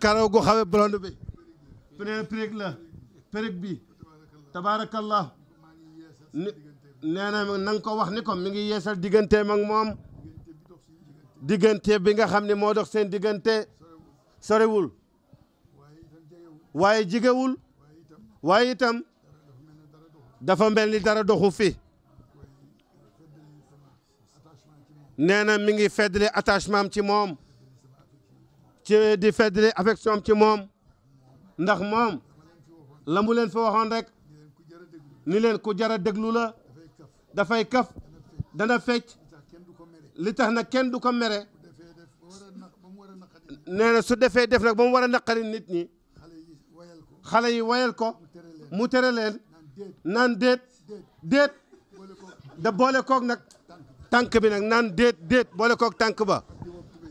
karaw gu xawe blonde bi pré la périg bi tabaarakallah ni nee na na nga ko wax ni ko mi ngi yeesal diggante ak moom diggante bi nga xam ne moo dox seen diggante sorewul waaye jigewul waaye itam dafa mel ni dara doxu fi nee na mi ngi feddali attachement am ci moom ci di feddali affection ci moom ndax moom la mu leen fa waxoon rek ni leen ku jar a déglu la dafay kaf dana fecc li tax nag kenn du ko mere nee na su defee def nag ba mu war a naqari nit ñi xale yi wayal ko mu tere leen naan déet déet da boole kook nag tànk bi nag naan déet déet boole koog tànk ba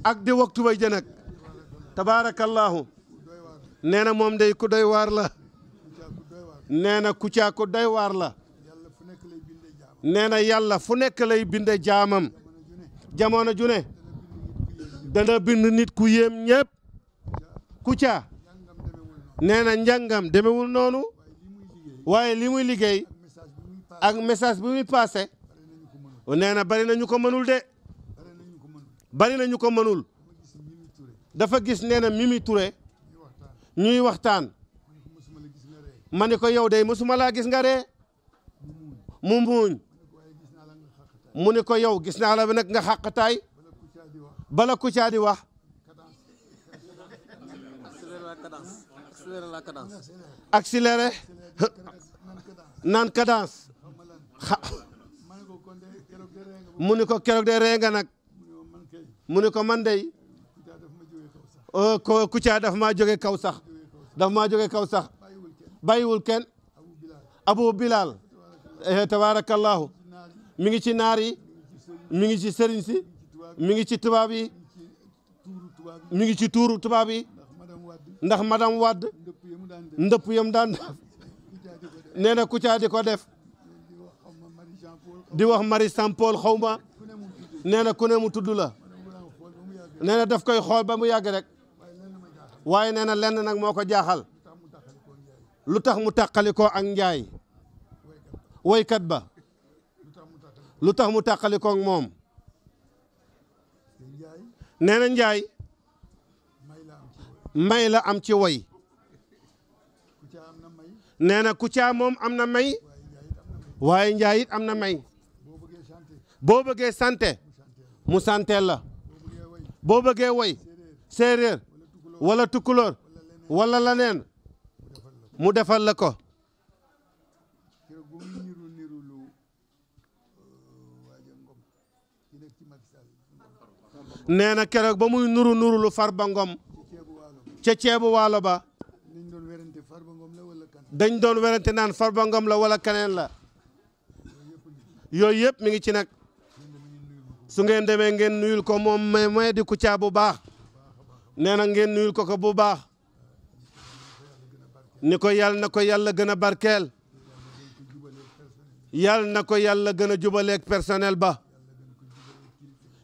ak di waxtu bay jë nag tabaarakallaahu nee na moom day ku doy waar la nee na Kouthia ku doy waar la nee na yàlla fu nekk lay binde jaamam jamono june ne dana nit ku yéem ñëpp Kouthia nee na njàngam demewul noonu waaye li liggéey ak message bi muy passé nee na bari na ñu ko mënul de bari na ñu ko mënul dafa gis nee na Mimi Touré ñuy waxtaan ma ne ko yow day mësuma laa gis nga ree mu muuñ mu ne ko yow gis naa la nag nga xàqtaay bala Kouthia di wax accéléré naan cadence mu ko keroog de ree nga nag mu ne ko man dey Euh, ko Kouthia daf maa joge kaw sax daf maa jóge kaw sax bàyyiwul kenn Abu Bilal eh, tabarakallahu mi ngi ci naar yi mi ngi ci sëriñ si mi ngi ci tubaab yi mi ngi ci tuuru tubaab yi ndax madame Wade ndëpp yam daan def nee na Kouthia di ko def di wax Marie Jean Paul xaw ma nee na ku ne mu tudd la koy xool ba mu yàgg rek waaye nee na lenn nag moo ko jaaxal lu tax mu ko ak njaay woykat ba lu tax mu tàqalikoo ak moom nee na njaay may la am ci woy nee na Kouthia moom am na may waaye njaay am na may boo bëggee santé mu santeel la boo bëggee woy séeréer wala tukkulóor wala leneen mu defal la ko nee na keroog ba muy nuru nuru lu far Ngom ca bu waalo ba dañ doon werante naan Farba Ngom la wala keneen la yooyu yëpp mi ngi ci nag su ngeen demee ngeen nuyul ko moom may may di Kouthia bu baax nee na ngeen nuyul ko ko bu baax ni ko yàlla na ko yàlla gën a barkeel yàlla na ko yàlla gën a jubaleeg personnel ba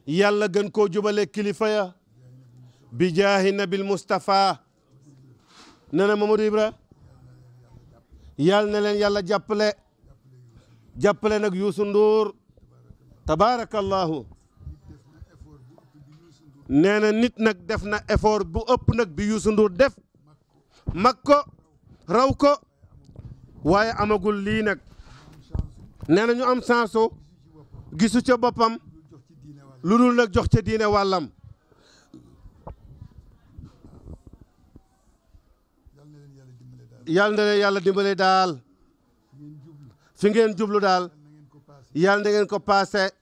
yàlla gën koo jubaleeg kilifa ya bi jaahi nabil Moustapha nee na Mamadou Ibra yàlla na leen yàlla jàppale jàppale nag Youssou Ndour tabaarakallahu nee na nit nag def na effort bu ëpp nag bi Youssou Ndour def mag ko raw ko waaye amagul lii nag nee na ñu am sansu gisu ci boppam lu dul nag jox ca diine wàllam yàlla na leen yàlla dimbale daal fi ngeen jublu daal yàlla na ngeen ko paase